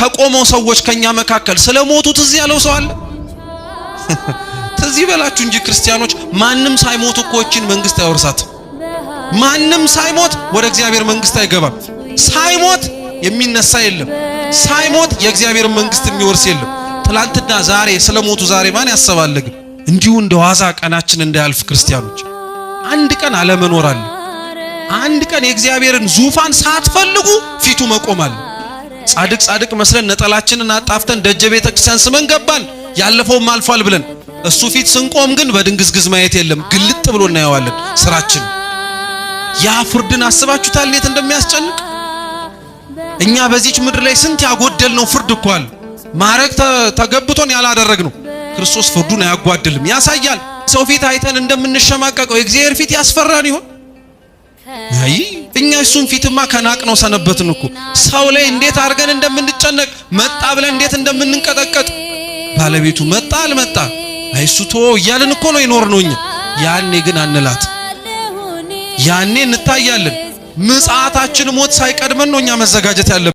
ከቆመው ሰዎች ከኛ መካከል ስለ ሞቱ ትዝ ያለው ሰው አለ? ትዝ ይበላችሁ እንጂ ክርስቲያኖች፣ ማንም ሳይሞት እኮ መንግስት አይወርሳት። ማንም ሳይሞት ወደ እግዚአብሔር መንግስት አይገባም። ሳይሞት የሚነሳ የለም። ሳይሞት የእግዚአብሔር መንግስት የሚወርስ የለም። ትላንትና ዛሬ ስለ ሞቱ ዛሬ ማን ያሰባለግ? እንዲሁ እንደ ዋዛ ቀናችን እንዳያልፍ ክርስቲያኖች፣ አንድ ቀን አለመኖር አለ። አንድ ቀን የእግዚአብሔርን ዙፋን ሳትፈልጉ ፊቱ መቆም አለ። ጻድቅ ጻድቅ መስለን ነጠላችንን አጣፍተን ደጀ ቤተ ክርስቲያን ስመን ገባን። ያለፈውም አልፏል ብለን እሱ ፊት ስንቆም ግን በድንግዝግዝ ማየት የለም፣ ግልጥ ብሎ እናየዋለን ስራችን። ያ ፍርድን አስባችሁታል? እንዴት እንደሚያስጨንቅ እኛ በዚች ምድር ላይ ስንት ያጎደል ነው ፍርድ እኮ አለ። ማረግ ተገብቶን ነው ክርስቶስ ፍርዱን አያጓድልም፣ ያሳያል። ሰው ፊት አይተን እንደምንሸማቀቀው የእግዚአብሔር ፊት ያስፈራን ይሆን? አይ እኛ እሱን ፊትማ ከናቅ ነው ሰነበትን እኮ ሰው ላይ እንዴት አድርገን እንደምንጨነቅ መጣ ብለን እንዴት እንደምንንቀጠቀጥ ባለቤቱ መጣ አልመጣ አይ እሱ ቶ እያልን እኮ ነው ይኖር እኛ ያኔ ግን አንላት ያኔ እንታያለን ምጽአታችን ሞት ሳይቀድመን ነው እኛ መዘጋጀት ያለብን